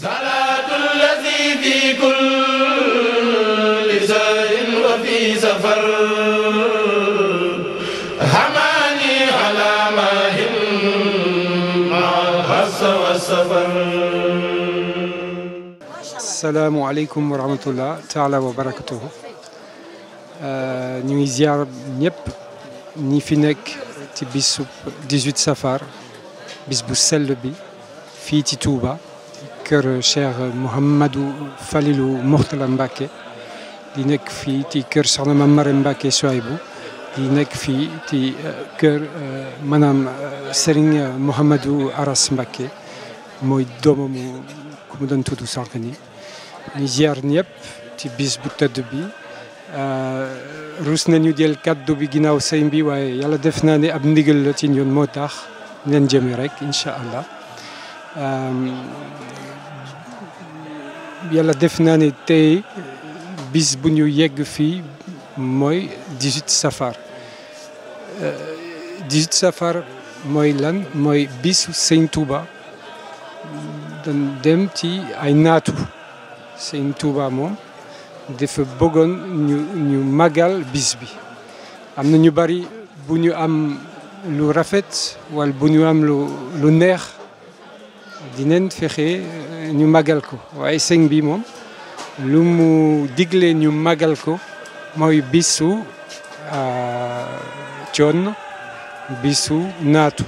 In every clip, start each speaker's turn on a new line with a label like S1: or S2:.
S1: صلاة الذي في كل سهر وفي سفر حماني على ماهن مع الحس والسفر السلام عليكم ورحمة الله تعالى وبركاته ñu ngi ziar ñëpp ñi fi nekk 18 سفر بس bu sell bi fii ci kër Cheikh Mouhamadou Falilou Mourtala Mbacke di nekk fii ci kër Soxna Mame Maram Mbacke Souaïbou di nekk fii ci euh, kër euh, maanaam euh, Serigne Mouhamadou Aras Mbacke mooy doomamu ku mu doon tudd sànq nii ñu ziar ñëpp ci bis bu tëdd bi rus nañu jël kàddu bi ginnaaw sëñ bi waaye yàlla def naa ne ab ndigal la ci ñun moo tax leen jëme rek incha allah yalla def naa ne tey bis bu ñu yegg fi moy 18 safar euh 18 safar moy lan moy bis seigne touba dañ dem ci ay naatu seigne touba moom def bogon ñu ñu màggal bis bi amna ñu bari bu ñu am lu rafet wal bu ñu am lu lu neex dinañ fexe euh, ñu màggal ko waaye sëñ bi moom lu mu digle ñu màggal ko mooy bisu euh, coon bisu naatu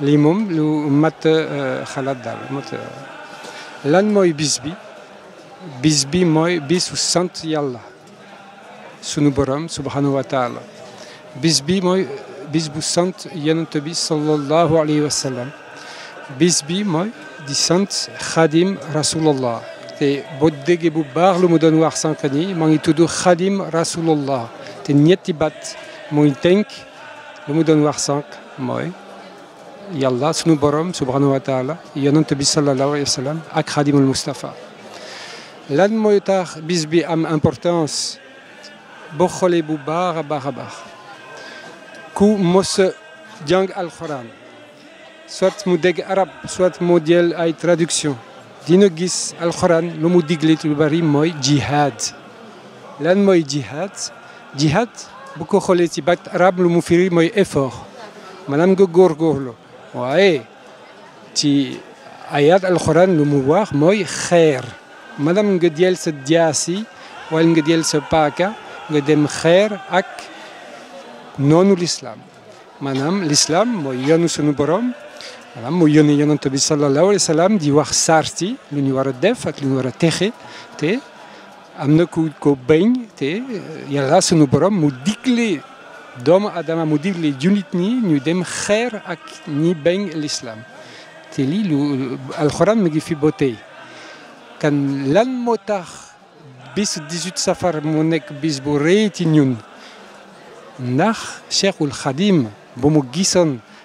S1: lii moom lu mat euh, xalaat daal lan mooy bis bi bis bi mooy bisu sant yàlla sunu borom subhanahu wa taala bis bi mooy bis bu sant yonent bi sallallahu alayhi wa bis bi mooy di sant Xadim Rasulallah te boo déggee bu baax lu mu doon wax sànq nii maa ngi tudd Xadim Rasulallah te ñetti baat muy tënk lu mu doon wax sànq mooy yàlla sunu borom subhanahu wa taala yonent bi sallallahu alayhi wa sallam ak Xadimul Mustafa lan mooy tax bis bi am importance boo xoolee bu baax a baax a baax ku mos a jàng alxuraan soit mu arabe, arab soit mu jël traduction Dinogis gis al khoran, Le bari jihad lan moi jihad jihad beaucoup arab firi effort Madame gor góorgóorlu waaye ti ayat al que le wax Madame se ak noonu l'islam Madame l'islam moi yoonu nous Mu yoni yonent bi sallallahu alayhi wa sallam di wax sarti lu ñu war a def ak lu ñu war a texe te am na ku ko bañ te yàlla sunu borom mu digle doomu adama mu digle junit ñi ñu dem xeer ak ñi bañ l'islam te lii lu alxuraan mi ngi fi ba tey kan lan moo tax bis 18 safar mu nekk bis bu rëy ci ñun ndax Cheikhul Xadim ba mu gisoon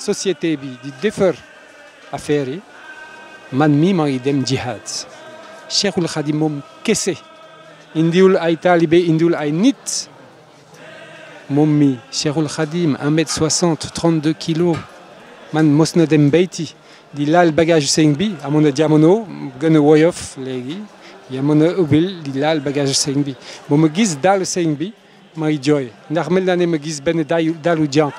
S1: société bi di defar affaire yi man mii maa ngi dem jihad Cheikhul Khadim moom kese indiwul ay taalibe indiwul ay nit moom mi Cheikhul Khadim 1 mètre 60 32 kilos man mos na dem bayti di laal bagage sëñ bi amoon na jamono gën a woyof léegi yamoon na ubbil di laal bagage sëñ bi ba ma gis daal sëñ bi may jooy ndax mel naa ne ma gis benn daayu daalu jànq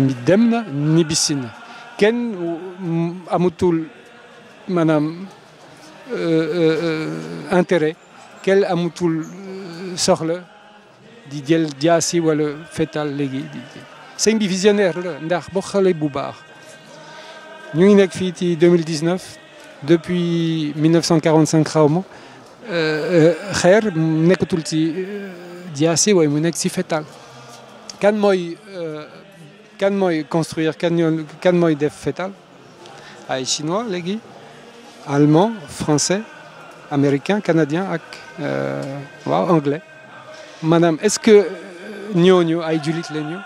S1: midemna nibisin. Ken mm, amutul manam euh, euh, euh, intérêt, quel amutul sorle, didiel diasi ou le fetal legi. C'est visionnaire, ndar bokhale boubar. New Inek Fiti 2019, depuis 1945 Raomo, Kher, nekutulti diasi ou fetal. Kan moi kanmoi construire kanmoi, kanmoi def fetal ay ah, chinois légui allemand français américain canadien ak euh, wow, anglais madame est-ce que euh, ñoo ñu ay julit lañu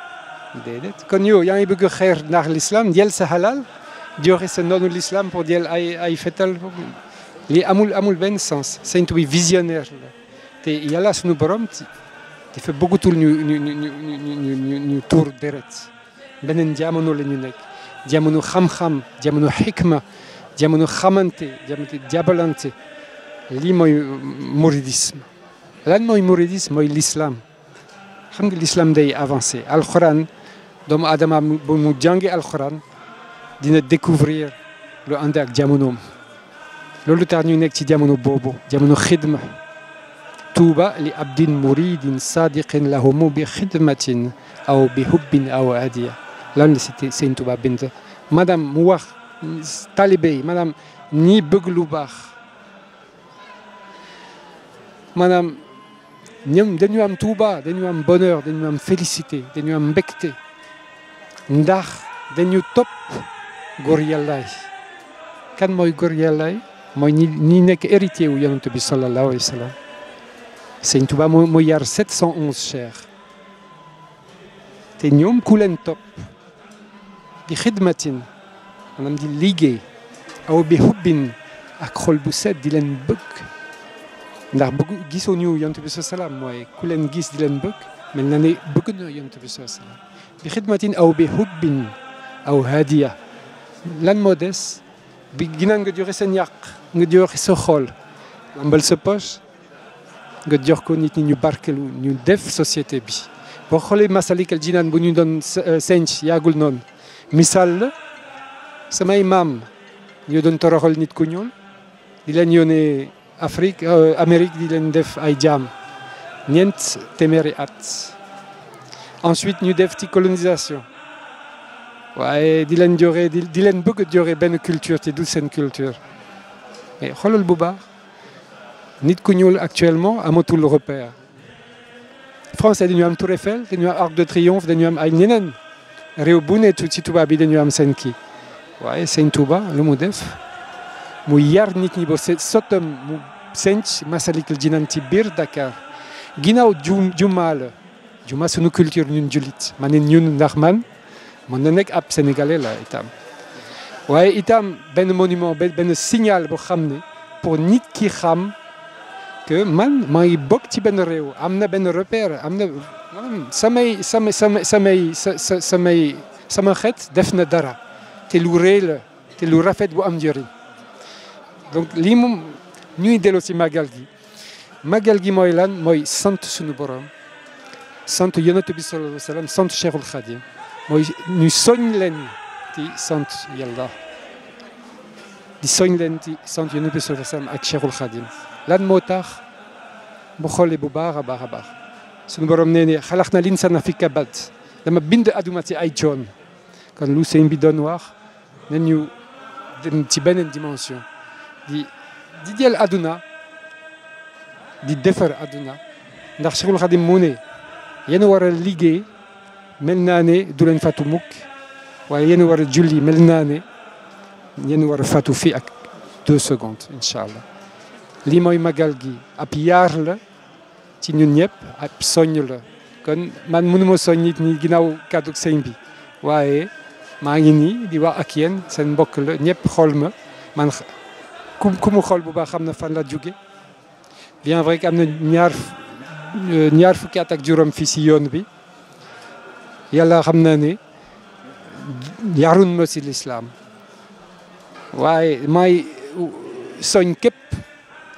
S1: déedéet kon yow yaa ngi bëgg a l'islam jël sa halal joxe sa noonu l'islam pour jël ay ay fetal lii amul amul ben sens sëñ bi visionnaire la te yàlla suñu borom fait beaucoup ñu ñu ñu ñu ñu ñu ñu tour deret بنن ديامونو لنينك ديامونو خام خام ديامونو حكمة ديامونو خامنتي ديامونو ديابلانتي لي موي موريديسم لان موي موريديسم موي الإسلام حمد الإسلام داي أفانسي القرآن دوم آدم بومو جانجي القرآن دينا ديكوفرير لو عندك ديامونو لو لو تاني نيك تي ديامونو بوبو ديامونو خدمة توبة لأبدين مريد صادق له بخدمة أو بحب أو هدية lan c'est cité Touba madame mu wax Madame yi madame ñi Denuam dañu am Touba dañu bonheur Denuam félicité Denuam am Ndar Denu dañu Gorialai, Quand moi kan moi ni yàllaay mooy héritier wu yonent bi sallallahu alayhi wa sallam Touba moo 711 cher. te ñoom ku top. بخدمة أنا مدي ليجي أو بحب أكخل بوسات ديلان بوك نار بوك جيس ونيو ينتو بسو سلام موي كلن جيس ديلان بوك من لاني بوك بوكنا ينتو بسو سلام بخدمة أو بحب أو هادية لان مودس بجنان قديور سنياق قديور سخول لنبل سبوش قديور كونيت نيو باركلو نيو ديف سوسيتي بي بخولي مساليك الجنان بنيو دون سنش ياقول نون misaal sama imam maam don doon nit ku ñuul di leen yónnee Afrique euh, Amérique di leen def ay jam ñeent téméré at ensuite ñu def ti colonisation waye di leen joxe di leen bëgg joré Ben culture te dul seen culture mais xoolal bu baax nit ku ñuul actuellement amatul repère France dañu am Tour Eiffel dañu am Arc de Triomphe dañu am ay ñeneen Reobunetu Tituba Bidenu Amsenki. Ouais, c'est une tuba, le Moudef. Mou yar nit nibo sotum mou sench masalik jinanti bir Dakar. ginau Djumal. Djuma sunu culture nun julit. Manen nun narman. Manenek ab sénégalais là, itam. Ouais, itam ben monument, ben, ben signal pour xamne pour nit ki xam que man may bok ti ben rew amna ben repère amna ça m'a fait défendre Dara. C'est de Donc, ce nous avons fait, c'est que nous avons fait des Nous Nous Nous Nous سنبرو نيني خلقنا الإنسان في كبد لما بند أدوماتي أي جون كان لو سين بيدو نوار ننيو تيبان الديمونسيون دي دي ديال أدونا دي دفر أدونا ندخ كل غادي موني ينور الليغي ملناني دولن فاتو موك وينور جولي ملناني ينور فاتو فيك دو سكوند إن شاء الله لي موي ماغالكي أبيارل ci ñun ñëpp ab soññ la kon man mënuma soññ it ni ginnaaw kàddu sëñ bi waaye maa ngi nii di wax ak yéen seen mbokk la ñëpp xool ma man ku ku xool bu baax xam na fan la jóge bien vrai que am na ñaar euh, ñaar fukki at juróom fii si yoon bi yàlla xam na ni yarun ma si waaye may soñ képp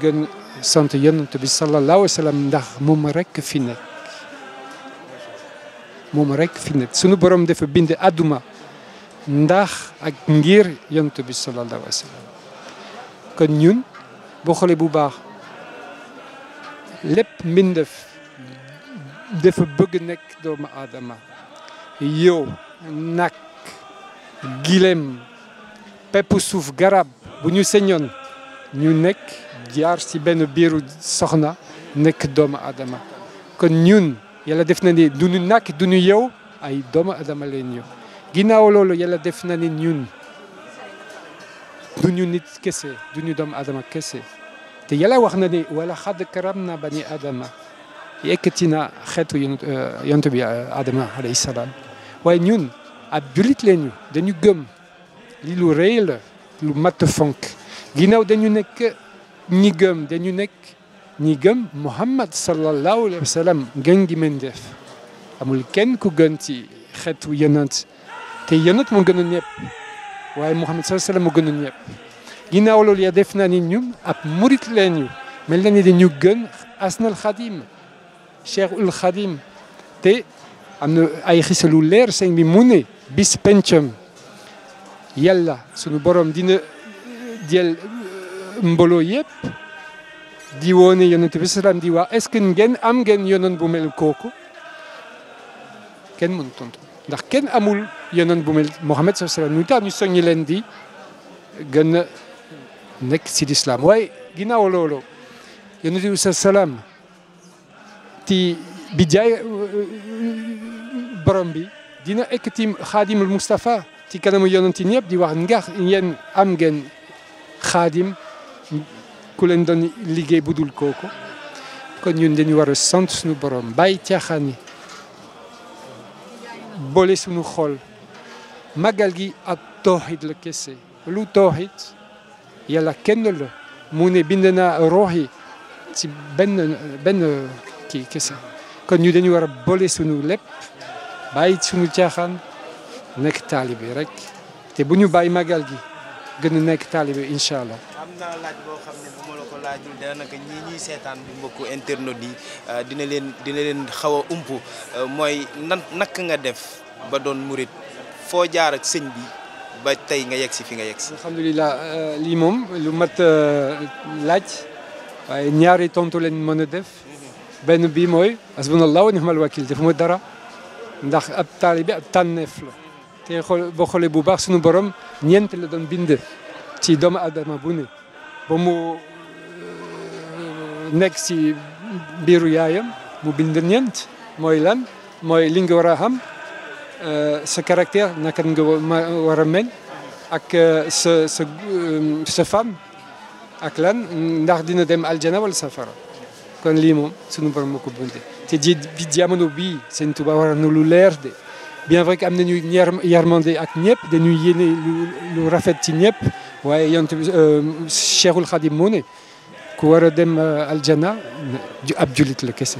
S1: gën sant yonent bi sallallahu alayhi ndax moom rekk fi nekk moom rekk fi nekk sunu borom dafa bind àdduma ndax ak ngir yonent bi sallallahu alayhi wa sallam kon boo xoolee bu baax lépp mbindef dafa bëgg nekk doom adama yow nag gilem pepp suuf garab bu ñu señoon ñu nekk jaar si benn e biiru soxna nek doomu aadama kon ñun yàlla def na ni dunu ñu nakk yow ay dom adama lenyo ñu ginnaaw loolu yàlla def na ni ñun nit kese dunu dom adama kese te yàlla wax na wala xad karam na bani adama Yeketina na xeetu yonent eh, bi aadama eh, alayhi salaam way ñun ab lenyo de dañu gem li lu rëy lu mat fonk ginaaw dañu nek نيجم دنيونك نيجم محمد صلى الله عليه وسلم جنجي مندف أمول كن كوغنتي خطو ينات تي ينات مغنو نيب واي محمد صلى الله عليه وسلم مغنو نيب جينا أولو ليا دفنا نينيوم أب موريت لينيو ملاني دي نيو جن أسنا الخديم شير الخديم تي ان أي خيسلو لير سين بموني بيس بنشم يلا سنو بروم دين ديال mbooloo yëpp di woo ne yonent bi salaam di am ngeen yonoon bu mel kooku kenn mënu tontu ndax kenn amul yonoon bu mel Muhammad sallallahu alayhi wa sallam ñu soññi leen di gën a nekk ci lislaam waaye ginnaaw loolu yonent bi salaam ti bi jaay borom bi dina ekkati xaadimul Mustafa ci kanamu yonent ñëpp di wax ngax yéen am ngeen xaadim ku leen budul koko bu dul kooku kon ñun dañu war a sant suñu borom bàyyi caaxaan bolé boole xol magal gi ak tohid le kessé lu tohid yàlla kenn la mu ne bind naa ci ben ben ki kessé kon ñu dañu war a boole suñu lépp bàyyi suñu rek te bu ñu bàyyi gi gën nekk taalibe inshallah amna laaj bo xam ne bu ma la ko laajul da naka ñi ñi sétane bu mbokk internet yi dina leen dina leen xawa umpu moy nak nga def ba doon mourid fo jaar ak sëñ bi ba tay nga yegg fi nga yegg alhamdullilah li mom lu mat laaj waye ñaari tontu leen mëna def. ben bi mooy asbunallahu wa ni'mal wakil def mo dara ndax ab taalibe ab tànneef la. te xool boo xoolee bu baax suñu borom ñeent la doon bind ci doomu adama bu ne ba mu euh, nekk ci biiru yaayam mu bind ñeent mooy lan mooy li nga war a xam euh, sa caractère naka nga war a mel ak euh, sa sa sa femme ak lan ndax dina dem aljana wala safara kon lii moom suñu borom moo ko bindee te ji bi jamono bii Sëñ Tuubaa war lu leer de bien vrai qu'amne nu yarmandé ak ñep de nu yene lu rafet ci ñep waye yont euh, cheikhul khadim mo ne ku wara dem euh, aljanna ab julit la kesse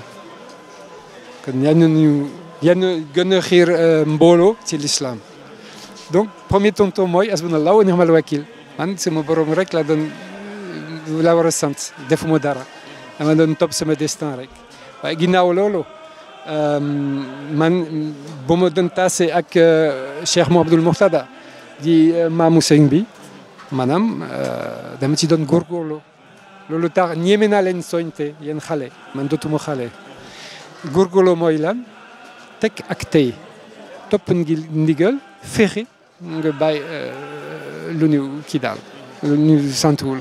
S1: kon yan ñu yan gëna xir euh, mbolo ci l'islam donc premier tonton moy asbunallah wa ni'mal wakil c'est mon borom rek la doon la wara sant defuma dara dama doon top sama destin rek waye ginaaw lolo Euh, man bu ma doon ak euh, Cheikh Mouhamadoul Mourtada di euh, maamu sëñ bi maanaam dama ci doon góorgóorlu loolu tax ñeme naa leen soñte yéen xale man dootuma xale góorgóorlu mooy lan teg ak tey topp ngi ndigal fexe nga lu nu kii daal lu ñu santuwul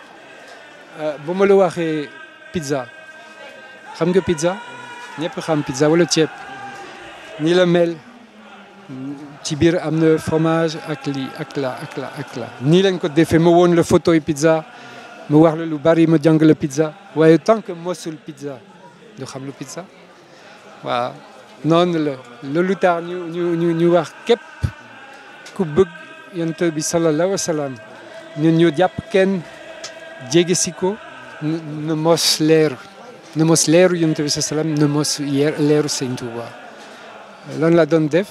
S1: bu ma la pizza xam nga pizza ñëpp xam pizza wala ceeb ni la mel ci bir amna fromage ak akla ak la ak la ak la nii lañ ko défé mo won le photo e pizza mo wax le lu bari mo jang le pizza waye tant que sul pizza do xam le pizza wa non le le tax ñu ñu ñu ñu wax kep ku bëgg yantabi sallallahu alayhi wa sallam ñun ñu japp kenn diegesiko nemos leru. Nemos leru yonte bisasalam nemos leru seintuwa. Lon la don def,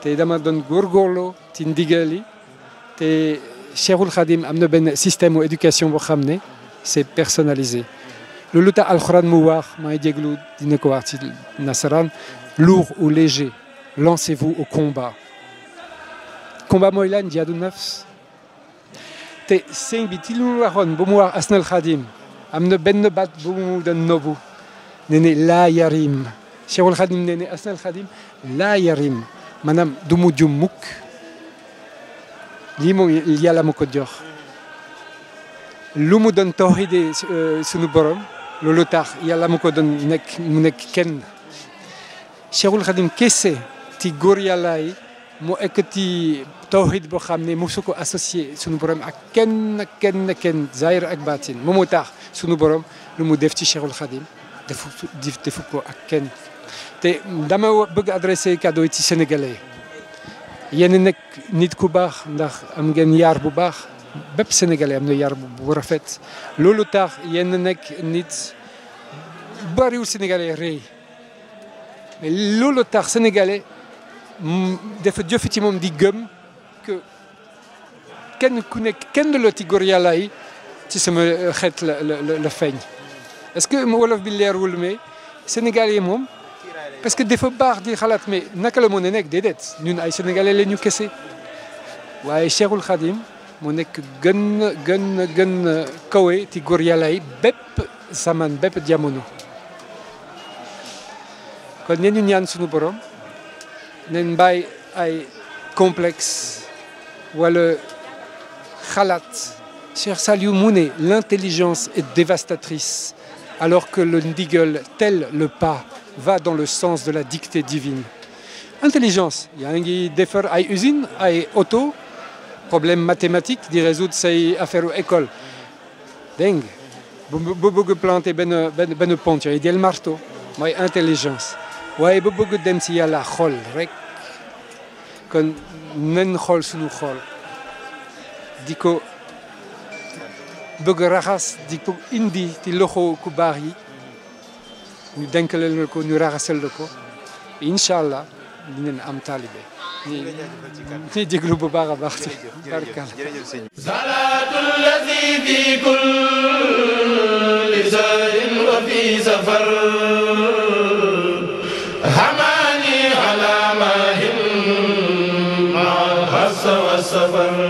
S1: te dama don gorgolo tindigali, te Sherul Khadim amne ben système ou éducation bo xamne, c'est personnalisé. Le luta al-Quran mouwar, ma e dieglu dineko arti nasaran, lourd ou léger, lancez-vous au combat. Combat moilan diadou nafs, te sen bitilu a ron bomoar asnal khadim am ne ben ne bat bomu dan nobu nene la yarim sirol khadim nene asnal khadim la yarim manam dumu jumuk limo yala mukodior lumu don tohide sunu borom lolu tax yalla mako don nek mu nek kenn cheikhul khadim kesse ti gor yalla yi مؤكدتي توحيد بخامني موسوكو اسوسي سونو بروم اكن اكن اكن زاير اكباتين مموتاخ سونو بروم لمو ديفتي شيخ الخادم ديف ديفوكو اكن تي داما بغ ادريسي كادويتي سنغالي ينينك نيت كوباخ ناخ امغن يار بوباخ باب سنغالي امنو يار بورافيت لولو تاخ ينينك نيت باريو سنغالي ري لولو تاخ سنغالي dafa jëf ci moom di gëm que kenn ku nekk kenn looti góor yàlla yi ci sama xeet la la la feeñ est-ce que wolof bi leerwul mais Sénégal yi moom parce que dafa baax di xalaat mais naka la mën a nekk déedéet ñun ay sénégalais la ñu kese waaye Cheikhul Khadim mu nekk gën gën gën kawe ci góor yàlla yi bépp zaman bépp jamono kon ñu ñaan suñu borom. Nenbai ai complexe, ou le khalat. sur Saliou Mouné, l'intelligence est dévastatrice, alors que le ndigel, tel le pas, va dans le sens de la dictée divine. Intelligence, il y a un qui défer usine, a auto, problème mathématique, d'y résoudre ces affaires école. Dingue. Bobo plante ben ben ben pont, il y a le marteau. mais intelligence. waaye ba bëgg dem si yàlla xool rek kon nañ xool suñu xool di ko bëgg raxas di ko indi ci loxo ku baax yi ñu denkaleel la ko ñu raxasal la ko incha allah dinañ am taalibe ñuy déglu bu baax a baax ci barkal salaatul lazi fi kulli sahrin wa fi safar suffer